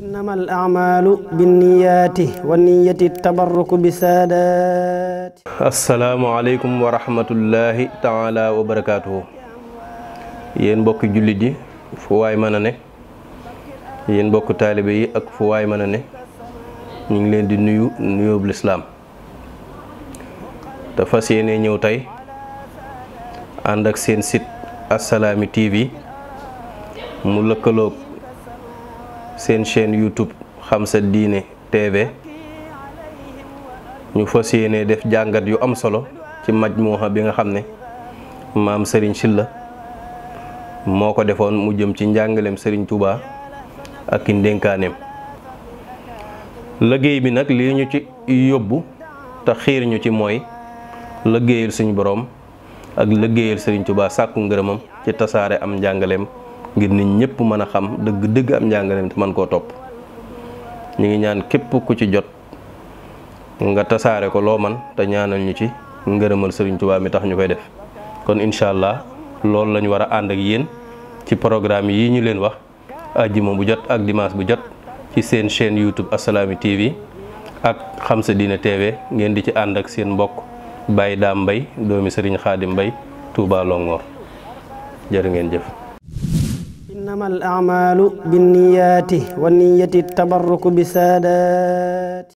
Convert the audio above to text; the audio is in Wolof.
innama al amalu binniyaati wa niyati tabarruku bi saadaati asalaamualeykum wa rahmatullahi taala wa barakaatuhu yéen mbokki jullit yi fu waay mën a ne yéen mbokk taalibe yi ak fu waay mën a ne ñu ngi leen di nuyu nuyóob lislaam te fas yéene ñëw tey ànd ak seen sit Assalaamy TV mu lëkkaloog seen chaîne YouTube xam sa diine TV ñu fas yéene def jàngat yu am solo ci majmuha bi nga xam ne maam Serigne Sylla moo ko defoon mu jëm ci njàngaleem Serigne Touba ak i ndénkaaneem liggéey bi nag lii ñu ci yóbbu te xiir ñu ci mooy liggéeyal suñu boroom ak liggéeyal Serigne tubaa sàkku ngërëmam ci tasaare am njàngaleem. ngir nit ñëpp mën a xam dëgg dëgg am njàngaleem te mën koo topp ñu ngi ñaan képp ku ci jot nga tasaare ko loo man te ñaanal ñu ci ngërëmal Sëriñ Tuubaa mi tax ñu koy def kon incha allah loolu lañu war a ànd ak yéen ci programme yi ñu leen wax ajjuma bu jot ak dimanche bu jot ci seen chaîne YouTube Assalaamy TV ak xam sa diine TV ngeen di ci ànd ak seen mbokk Baye daa Mbay doomi Sëriñ Xaadim Mbay Touba Longhor jërë ngeen jëf innama al amalu binniyaati wa niyati tabarruku bi saadaat